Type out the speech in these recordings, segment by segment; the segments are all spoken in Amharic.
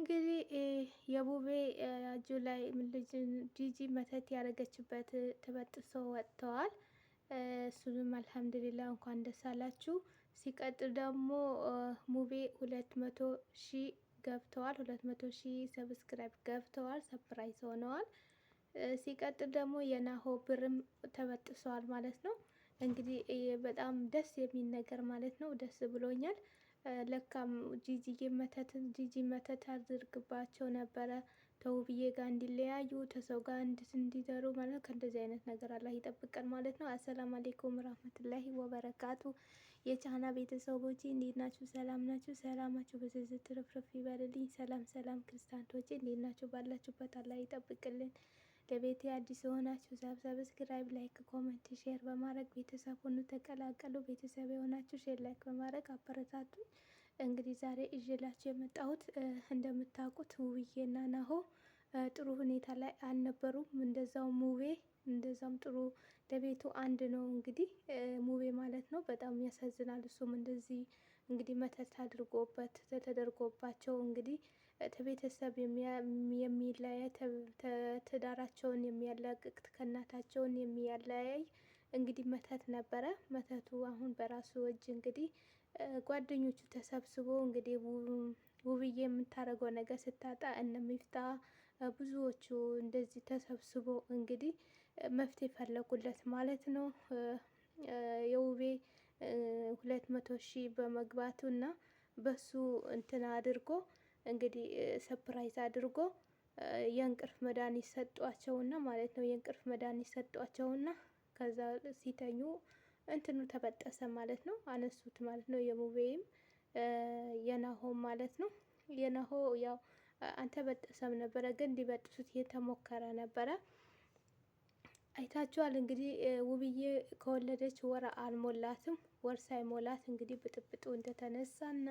እንግዲህ የቡቤ እጁ ላይ ልጅ ጂጂ መተት ያደረገችበት ተበጥሶ ወጥተዋል። እሱንም አልሐምድሊላ እንኳን ደስ አላችሁ። ሲቀጥል ደግሞ ሙቤ ሁለት መቶ ሺ ገብተዋል። ሁለት መቶ ሺ ሰብስክራይብ ገብተዋል። ሰፕራይዝ ሆነዋል። ሲቀጥል ደግሞ የናሆ ብርም ተበጥሰዋል ማለት ነው። እንግዲህ በጣም ደስ የሚል ነገር ማለት ነው። ደስ ብሎኛል። ለካም ጂጂ መተት ጂጂ መተት አድርግባቸው ነበረ። ተውብዬ ጋር እንዲለያዩ ተሰው ጋር እንዲዘሩ ማለት ከእንደዚህ አይነት ነገር አላህ ይጠብቀን ማለት ነው። አሰላም አሌይኩም ረህመቱላሂ ወበረካቱ። የቻና ቤተሰቦች እንዴት ናችሁ? ሰላም ናችሁ? ሰላማችሁ በዝዝት ርፍርፍ ይበልልኝ። ሰላም ሰላም ክርስቲያንቶች እንዴት ናችሁ? ባላችሁበት አላህ ይጠብቅልን። ለቤት አዲስ የሆናችሁ ሳብ ሰብስክራይብ፣ ላይክ፣ ኮመንት፣ ሼር በማድረግ ቤተሰብ ሁኑ ተቀላቀሉ። ቤተሰብ የሆናችሁ ሼር፣ ላይክ በማድረግ አበረታቱ። እንግዲህ ዛሬ እዤላችሁ የመጣሁት እንደምታውቁት ውብዬና ናሆ ጥሩ ሁኔታ ላይ አልነበሩም። እንደዛው ሙቤ እንደዛም ጥሩ ለቤቱ አንድ ነው እንግዲህ ሙቤ ማለት ነው። በጣም ያሳዝናል። እሱም እንደዚህ እንግዲህ መተት አድርጎበት ተደርጎባቸው እንግዲህ ከቤተሰብ የሚለያይ ትዳራቸውን የሚያላቅቅ ከእናታቸውን የሚያለያይ እንግዲህ መተት ነበረ። መተቱ አሁን በራሱ እጅ እንግዲህ ጓደኞቹ ተሰብስቦ እንግዲህ ውብዬ የምታደርገው ነገር ስታጣ እነ ሚፍታ ብዙዎቹ እንደዚህ ተሰብስቦ እንግዲህ መፍትሄ ፈለጉለት ማለት ነው። የውቤ ሁለት መቶ ሺህ በመግባቱ እና በሱ እንትን አድርጎ እንግዲህ ሰፕራይዝ አድርጎ የእንቅልፍ መድኃኒት ሰጧቸውና ማለት ነው። የእንቅልፍ መድኃኒት ሰጧቸውና ከዛ ሲተኙ እንትኑ ተበጠሰ ማለት ነው። አነሱት ማለት ነው። የሙቤይም የናሆም ማለት ነው። የናሆ ያው አልተበጠሰም ነበረ፣ ግን ሊበጥሱት የተሞከረ ነበረ። አይታችኋል እንግዲህ ውብዬ ከወለደች ወር አልሞላትም። ወር ሳይሞላት እንግዲህ ብጥብጡ እንደተነሳና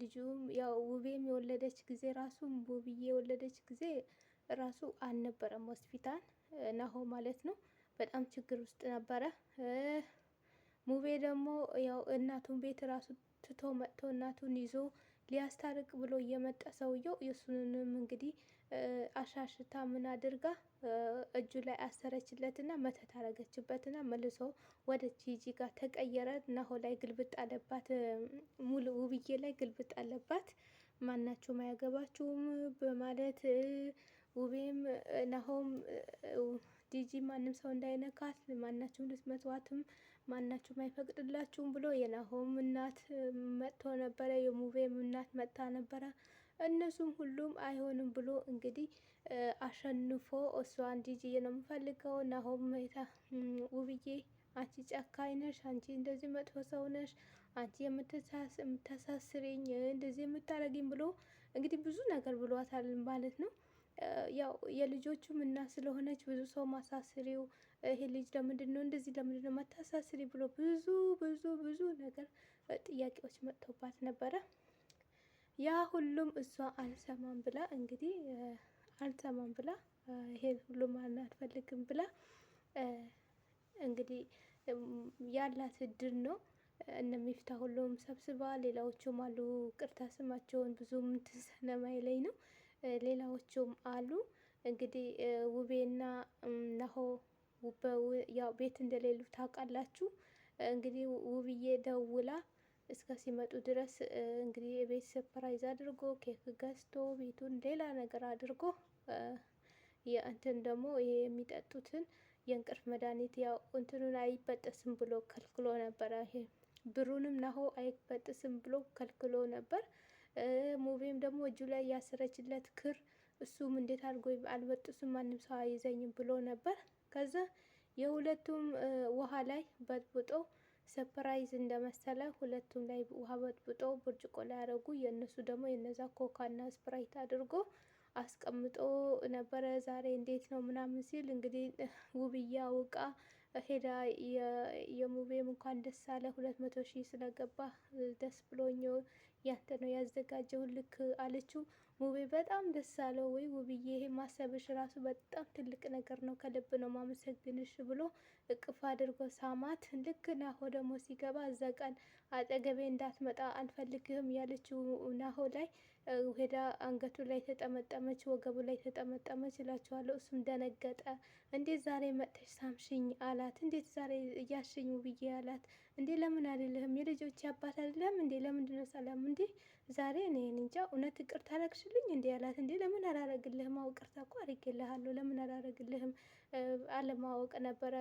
ልጁም ያው ውቤም የወለደች ጊዜ ራሱ ውብዬ የወለደች ጊዜ ራሱ አልነበረም ሆስፒታል ናሆ ማለት ነው። በጣም ችግር ውስጥ ነበረ። ሙቤ ደግሞ ያው እናቱን ቤት ራሱ ትቶ መጥቶ እናቱን ይዞ ሊያስታርቅ ብሎ እየመጣ ሰውየው የእሱንም እንግዲህ አሻሽታ ምን አድርጋ እጁ ላይ አሰረችለትና መተት አረገችበትና መልሶ ወደ ጂጂ ጋር ተቀየረ። ናሆ ላይ ግልብጥ አለባት፣ ሙሉ ውብዬ ላይ ግልብጥ አለባት። ማናችሁም አያገባችሁም በማለት ውቤም ናሆም ጂጂ ማንም ሰው እንዳይነካት ማናችሁም ልትመቷትም ማናችሁም አይፈቅድላችሁም ብሎ የናሆም እናት መጥቶ ነበረ። የሙቤም እናት መጥታ ነበረ። እነሱም ሁሉም አይሆንም ብሎ እንግዲህ አሸንፎ እሷን ጂጂዬ ነው የምፈልገው። ናሆም ውብዬ አንቺ ጨካኝ ነሽ፣ አንቺ እንደዚህ መጥፎ ሰው ነሽ፣ አንቺ የምታሳስሪኝ እንደዚህ የምታረግኝ ብሎ እንግዲህ ብዙ ነገር ብሏታል ማለት ነው። ያው የልጆቹ ምና ስለሆነች ብዙ ሰው ማሳስሪው ይሄ ልጅ ለምንድን ነው እንደዚህ ለምንድን ነው መታሳስሪ ብሎ ብዙ ብዙ ብዙ ነገር ጥያቄዎች መጥቶባት ነበረ። ያ ሁሉም እሷ አልሰማም ብላ እንግዲህ አልሰማም ብላ ይሄ ሁሉም አልፈልግም ብላ እንግዲህ ያላት እድል ነው። እነ ሚፍታ ሁሉም ሰብስባ ሌላዎቹም አሉ ቅርታ ስማቸውን ብዙም ትንሰነማይ ላይ ነው ሌላዎቹም አሉ። እንግዲህ ውቤና ነሆ ያው ቤት እንደሌሉ ታውቃላችሁ። እንግዲህ ውብዬ ደውላ እስከ ሲመጡ ድረስ እንግዲህ የቤት ሰፕራይዝ አድርጎ ኬክ ገዝቶ ቤቱን ሌላ ነገር አድርጎ የእንትን ደግሞ ይሄ የሚጠጡትን የእንቅልፍ መድኃኒት ያው እንትኑን አይበጠስም ብሎ ከልክሎ ነበር። ይሄ ብሩንም ናሆ አይበጥስም ብሎ ከልክሎ ነበር። ሙቪም ደግሞ እጁ ላይ ያሰረችለት ክር እሱም እንዴት አድርጎ አልበጥ ማንም ሰው አይዘኝም ብሎ ነበር። ከዛ የሁለቱም ውሃ ላይ በጥብጦ ሰፕራይዝ እንደመሰለ ሁለቱም ላይ ውሃ በጥብጦ ብርጭቆ ላይ ያደረጉ የእነሱ ደግሞ የነዛ ኮካና ስፕራይት አድርጎ አስቀምጦ ነበረ። ዛሬ እንዴት ነው ምናምን ሲል እንግዲህ ውብያ ውቃ ሄዳ የሙቤም እንኳን ደስ አለ ሁለት መቶ ሺህ ስለገባ ደስ ብሎኝ ያንተ ነው ያዘጋጀው ልክ አለችው። ውብ በጣም ደስ አለው። ወይ ውብዬ፣ ይሄ ማሰብሽ ራሱ በጣም ትልቅ ነገር ነው፣ ከልብ ነው ማመሰግንሽ ብሎ እቅፍ አድርጎ ሳማት። ልክ ናሆ ደግሞ ሲገባ እዛ ቀን አጠገቤ እንዳትመጣ አልፈልግህም ያለችው ናሆ ላይ ሄዳ አንገቱ ላይ ተጠመጠመች፣ ወገቡ ላይ ተጠመጠመች እላችኋለሁ። እሱም ደነገጠ። እንዴት ዛሬ መጥተሽ ሳምሽኝ አላት። እንዴት ዛሬ እያሽኝ ውብዬ አላት። እንዴ ለምን አይደለህም? የልጆች አባት አይደለም እንዴ? ለምንድን ነው ሰላም? እንዴ ዛሬ እኔ እንጃ እውነት ይቅርታ አረግሽልኝ እንዴ አላት። እንዴ ለምን አላረግልህም? አዎ ይቅርታ እኮ አርጌልሃለሁ። ለምን አላረግልህም? አለማወቅ ነበረ፣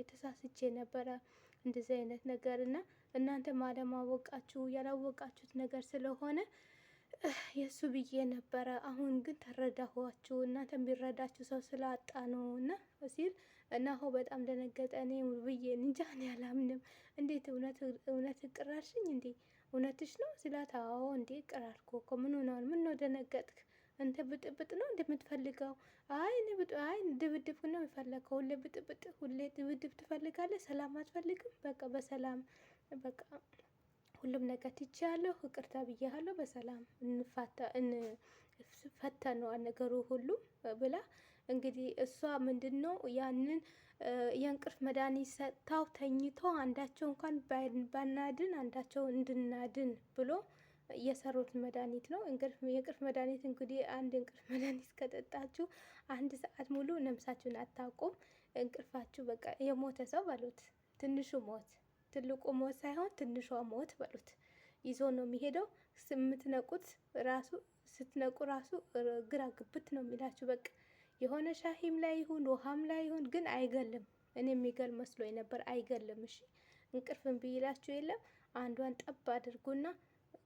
የተሳስቼ ነበረ እንደዚህ አይነት ነገር እና እናንተም አለማወቃችሁ ያላወቃችሁት ነገር ስለሆነ የእሱ ብዬ ነበረ። አሁን ግን ተረዳኋችሁ። እናንተ ቢረዳችሁ ሰው ስላጣ ነው እና ሲል እና አሁን በጣም ደነገጠ። እኔ ብዬ እንጃ እኔ አላምንም። እንዴት እውነት እቅራልሽኝ እንዴ እውነትሽ ነው ስላት፣ አዎ እንዴ እቅራልኩ እኮ ምን ሆነዋል? ምን ነው ደነገጥክ? እንተ ብጥብጥ ነው እንደምትፈልገው? አይ ንብጥ አይ ድብድብ ነው የፈለግከው? ሁሌ ብጥብጥ፣ ሁሌ ድብድብ ትፈልጋለህ? ሰላም አትፈልግም? በቃ በሰላም በቃ ሁሉም ነገር ትቻለሁ፣ ይቅርታ ብያለሁ፣ በሰላም እንፈታ ነው ነገሩ ሁሉ ብላ እንግዲህ እሷ ምንድን ነው ያንን የእንቅልፍ መድኃኒት ሰጥታው ተኝቶ አንዳቸው እንኳን ባናድን አንዳቸው እንድናድን ብሎ የሰሩት መድኃኒት ነው። የእንቅልፍ መድኃኒት እንግዲህ አንድ እንቅልፍ መድኃኒት ከጠጣችሁ አንድ ሰዓት ሙሉ ነብሳችሁን አታውቁም። እንቅልፋችሁ በቃ የሞተ ሰው በሉት። ትንሹ ሞት ትልቁ ሞት ሳይሆን ትንሿ ሞት በሉት ይዞ ነው የሚሄደው። የምትነቁት ራሱ ስትነቁ ራሱ ግራ ግብት ነው የሚላችሁ በቃ የሆነ ሻሂም ላይ ይሁን ውሃም ላይ ይሁን ግን አይገልም። እኔ የሚገል መስሎ ነበር፣ አይገልም። እሺ እንቅልፍም ብይላችሁ የለም አንዷን ጠብ አድርጉና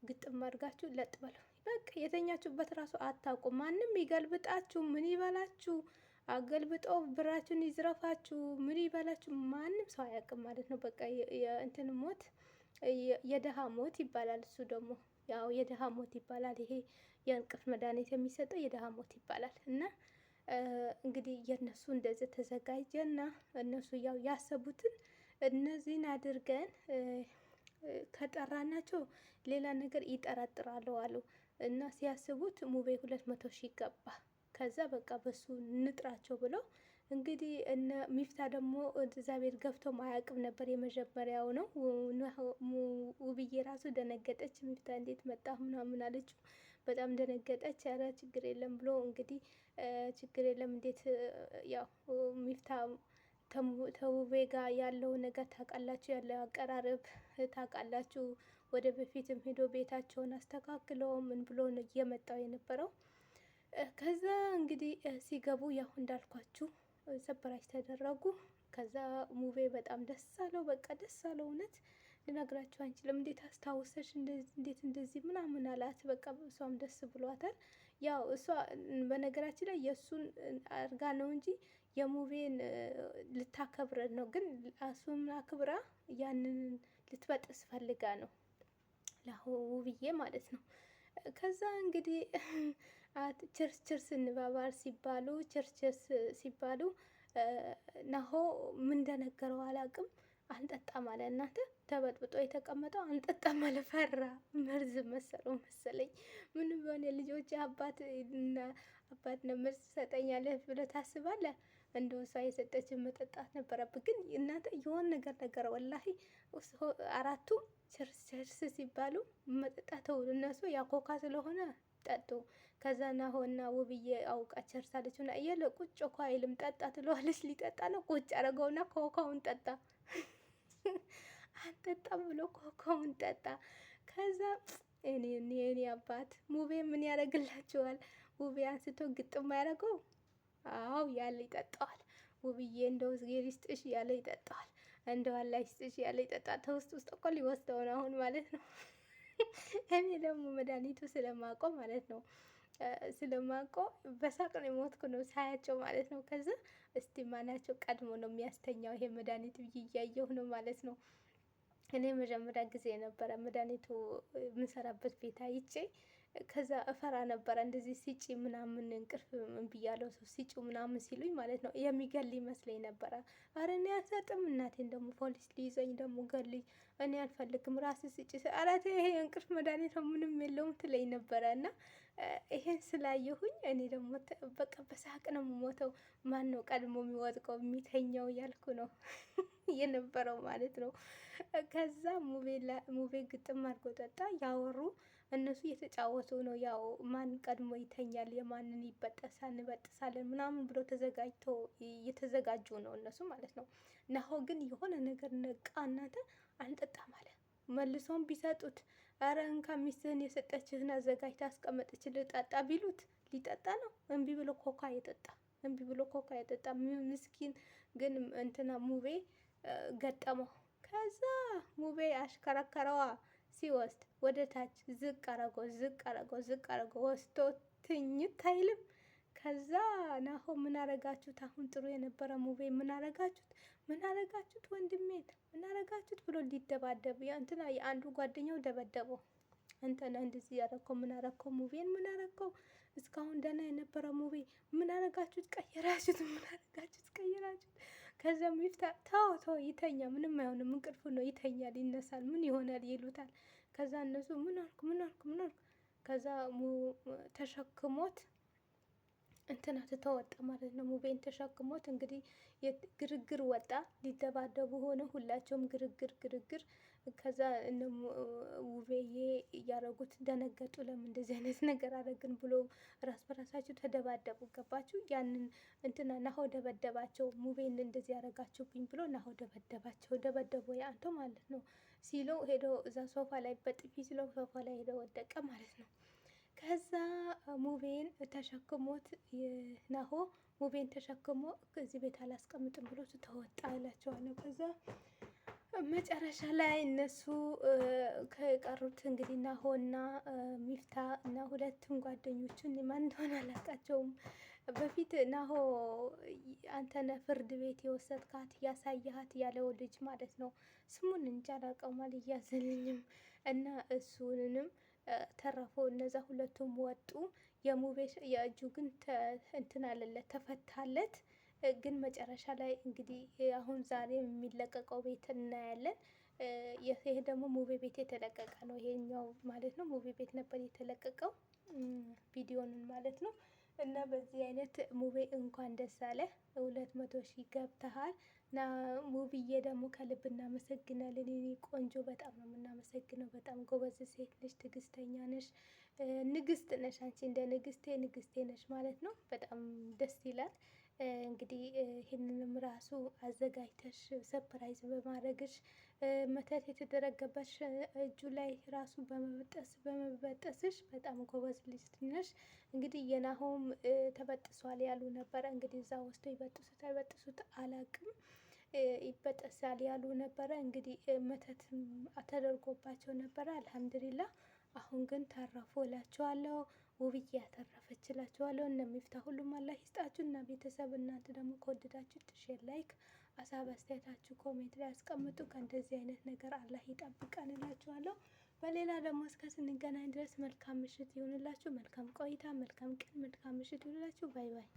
ግጥም አድርጋችሁ ለጥ በለው። በቃ የተኛችሁበት ራሱ አታውቁ። ማንም ይገልብጣችሁ፣ ምን ይበላችሁ፣ አገልብጦ ብራችሁን ይዝረፋችሁ፣ ምን ይበላችሁ፣ ማንም ሰው አያውቅም ማለት ነው። በቃ የእንትን ሞት የደሃ ሞት ይባላል። እሱ ደግሞ ያው የደሃ ሞት ይባላል። ይሄ የእንቅልፍ መድኃኒት የሚሰጠው የደሃ ሞት ይባላል እና እንግዲህ የእነሱ እንደዚህ ተዘጋጀና እነሱ ያው ያሰቡትን እነዚህን አድርገን ከጠራናቸው ሌላ ነገር ይጠራጥራሉ አሉ እና ሲያስቡት ሙቤ ሁለት መቶ ሺህ ገባ። ከዛ በቃ በሱ ንጥራቸው ብለው እንግዲህ እነ ሚፍታ ደግሞ እዛ ቤት ገብቶ አያውቅም ነበር። የመጀመሪያው ነው ውብዬ ራሱ ደነገጠች። ሚፍታ እንዴት መጣ ምናምን አለችው። በጣም ደነገጠች። ኧረ ችግር የለም ብሎ እንግዲህ ችግር የለም እንዴት ያው ሚፍታ ከውቤ ጋር ያለው ነገር ታውቃላችሁ፣ ያለው አቀራረብ ታውቃላችሁ። ወደ በፊትም ሄዶ ቤታቸውን አስተካክለው ምን ብሎ ነው እየመጣው የነበረው። ከዛ እንግዲህ ሲገቡ ያው እንዳልኳችሁ ሰፕራይዝ ተደረጉ። ከዛ ሙቤ በጣም ደስ አለው። በቃ ደስ አለው። እውነት ልነግራችሁ አንችልም። እንዴት አስታወሰች፣ እንዴት እንደዚህ ምናምን አላት። በቃ እሷም ደስ ብሏታል። ያው እሷ በነገራችን ላይ የእሱን አርጋ ነው እንጂ የሙቤን ልታከብረ ነው፣ ግን እሱን አክብራ ያንን ልትበጥስ ፈልጋ ነው ውብዬ ማለት ነው። ከዛ እንግዲህ ቸርስ ቸርስ እንባባል ሲባሉ ችርስ ሲባሉ ናሆ ምን እንደነገረው አላቅም። አንጠጣም አለ እናንተ ተበጥብጦ የተቀመጠው አንጠጣም አለ። ፈራ መርዝ መሰለው መሰለኝ። ምን ቢሆን የልጆች አባት አባት ነው መርዝ ትሰጠኛለህ ብለ ታስባለ። እንደው እሷ የሰጠችን መጠጣት ነበረብህ። ግን እናንተ የሆን ነገር ነገር ወላሂ አራቱም ችርስ ችርስ ሲባሉ መጠጣተው እነሱ ያኮካ ስለሆነ ጠጡ። ከዛ ናሆና ውብዬ አውቃ ቸርሳለች ና እየለ ቁጭ እኮ አይልም ጠጣ ትለዋለች። ሊጠጣ ነው ቁጭ አረገውና ኮካውን ጠጣ። አንጠጣም ብሎ ኮካውን ጠጣ። ከዛ እኔ እኔ አባት ሙቤ ምን ያደርግላችኋል? ውቤ አንስቶ ግጥም ያደረገው አው ያለ ይጠጣዋል። ውብዬ እንደው እግዜር ይስጥሽ ያለ ይጠጣዋል። እንደው አላህ ይስጥሽ ያለ ይጠጣል። ተውስጥ ውስጥ እኮ ሊወስደው ነው አሁን ማለት ነው። እኔ ደግሞ መድኃኒቱ ስለማቆ ማለት ነው ስለማቆ በሳቅ ነው የሞትኩ ነው ሳያቸው ማለት ነው። ከዛ እስቲ ማናቸው ቀድሞ ነው የሚያስተኛው ይሄ መድኃኒቱ እያየሁ ነው ማለት ነው። እኔ መጀመሪያ ጊዜ ነበረ መድኃኒቱ የምንሰራበት ቤት አይቼ ከዛ እፈራ ነበረ እንደዚህ ሲጪ ምናምን እንቅልፍ ብያለው ሰው ሲጪ ምናምን ሲሉኝ ማለት ነው የሚገል ይመስለኝ ነበረ። አረ እኔ አልሰጥም፣ እናቴን ደግሞ ፖሊስ ሊይዘኝ ደግሞ ገልኝ፣ እኔ አልፈልግም፣ ራስ ሲጪ አላት። ይሄ እንቅልፍ መድኃኒት ነው ምንም የለውም ትለኝ ነበረ እና ይሄን ስላየሁኝ እኔ ደግሞ በቃ በሳቅ ነው የምሞተው። ማን ነው ቀድሞ የሚወጥቀው የሚተኛው እያልኩ ነው የነበረው ማለት ነው። ከዛ ሙቤ ግጥም አድርጎ ጠጣ ያወሩ እነሱ እየተጫወቱ ነው። ያው ማን ቀድሞ ይተኛል፣ የማንን ይበጠሳል፣ እንበጥሳለን ምናምን ብሎ ተዘጋጅቶ እየተዘጋጁ ነው እነሱ ማለት ነው። ናሆ ግን የሆነ ነገር ነቃ፣ እናንተ አልጠጣም አለ። መልሶም ቢሰጡት ኧረ እንካ ሚስትህን የሰጠችህን አዘጋጅታ አስቀመጠች ልጠጣ ቢሉት ሊጠጣ ነው። እምቢ ብሎ ኮካ የጠጣ እምቢ ብሎ ኮካ የጠጣ ምስኪን ግን እንትና ሙቤ ገጠመው። ከዛ ሙቤ አሽከረከረዋ ሲወስድ ወደ ታች ዝቅ አረጎ ዝቅ አረጎ ዝቅ አረጎ ወስዶ ትኝት አይልም። ከዛ ናሆ ምን አረጋችሁት? አሁን ጥሩ የነበረ ሙቤ ምን አረጋችሁት? ምን አረጋችሁት? ወንድሜን ምን አረጋችሁት ብሎ ሊደባደብ እንትና የአንዱ ጓደኛው ደበደበው። አንተና እንደዚህ ያረከው ምን አረከው? ሙቤን ምን አረከው? እስካሁን ደህና የነበረ ሙቤ ምን አረጋችሁት? ቀየራችሁት? ምን አረጋችሁት? ቀየራችሁት ከዚያም ይፍታ ተው ተው ይተኛ፣ ምንም አይሆንም፣ እንቅልፉ ነው ይተኛል፣ ይነሳል፣ ምን ይሆናል ይሉታል። ከዛ እነሱ ምን አልኩ ምን አልኩ ምን አልኩ ከዛ ተሸክሞት እንትና ተወጣ ማለት ነው። ሙቤን ተሸክሞት እንግዲህ ግርግር ወጣ፣ ሊደባደቡ ሆነ። ሁላቸውም ግርግር ግርግር ከዛ እነ ውቤዬ እያረጉት ደነገጡ። ለምን እንደዚህ አይነት ነገር አረግን ብሎ ራስ በራሳቸው ተደባደቡ። ገባችሁ? ያንን እንትና ናሆ ደበደባቸው። ሙቤን እንደዚህ ያረጋችሁብኝ ብሎ ናሆ ደበደባቸው። ደበደቡ የአንተ ማለት ነው ሲለው ሄዶ እዛ ሶፋ ላይ በጥፊ ሲለው ሶፋ ላይ ሄደ ወደቀ ማለት ነው። ከዛ ሙቤን ተሸክሞት ናሆ ሙቤን ተሸክሞ እዚህ ቤት አላስቀምጥም ብሎ ትተወጣ ይላቸዋለሁ ከዛ መጨረሻ ላይ እነሱ ከቀሩት እንግዲህ ናሆና ሚፍታ እና ሁለቱም ጓደኞቹን ማን እንደሆነ አላውቃቸውም። በፊት ናሆ አንተነ ፍርድ ቤት የወሰድካት ያሳያሃት ያለው ልጅ ማለት ነው። ስሙን እንጃ አላውቀውም፣ አልያዘልኝም። እና እሱንንም ተረፎ እነዛ ሁለቱም ወጡ። የሙቤ የእጁ ግን እንትን አለለት ተፈታለት። ግን መጨረሻ ላይ እንግዲህ አሁን ዛሬ የሚለቀቀው ቤት እናያለን። ይህ ደግሞ ሙቪ ቤት የተለቀቀ ነው። ይሄኛው ማለት ነው ሙቪ ቤት ነበር የተለቀቀው ቪዲዮንን ማለት ነው። እና በዚህ አይነት ሙቪ እንኳን ደስ አለ ሁለት መቶ ሺህ ገብተሃል። እና ሙቪዬ ደግሞ ከልብ እናመሰግናለን። የኔ ቆንጆ በጣም ነው የምናመሰግነው። በጣም ጎበዝ ሴት ነሽ፣ ትግስተኛ ነሽ፣ ንግስት ነሽ። አንቺ እንደ ንግስቴ ንግስቴ ነሽ ማለት ነው። በጣም ደስ ይላል። እንግዲህ ይህንንም ራሱ አዘጋጅተሽ ሰፕራይዝ በማድረግሽ መተት የተደረገበት እጁ ላይ ራሱ በመበጠስ በመበጠስሽ በጣም ጎበዝ ልጅ ነሽ። እንግዲህ የናሆም ተበጥሷል ያሉ ነበረ። እንግዲህ እዛ ወስዶ ይበጥሱት አይበጥሱት አላቅም ይበጠሳል ያሉ ነበረ። እንግዲህ መተት ተደርጎባቸው ነበረ። አልሐምዱሊላ አሁን ግን ተረፉ እላችኋለሁ። ውብዬ ያተረፈች እላችኋለሁ። እነሚፍታ ሁሉም አላህ ይስጣችሁ እና ቤተሰብ እናንተ ደግሞ ከወደዳችሁ ትሼር፣ ላይክ፣ አሳብ አስተያየታችሁ ኮሜንት ላይ አስቀምጡ። ከእንደዚህ አይነት ነገር አላህ ይጠብቀን እላችኋለሁ። በሌላ ደግሞ እስከ ስንገናኝ ድረስ መልካም ምሽት ይሁንላችሁ። መልካም ቆይታ፣ መልካም ቀን፣ መልካም ምሽት ይሁንላችሁ። ባይ ባይ።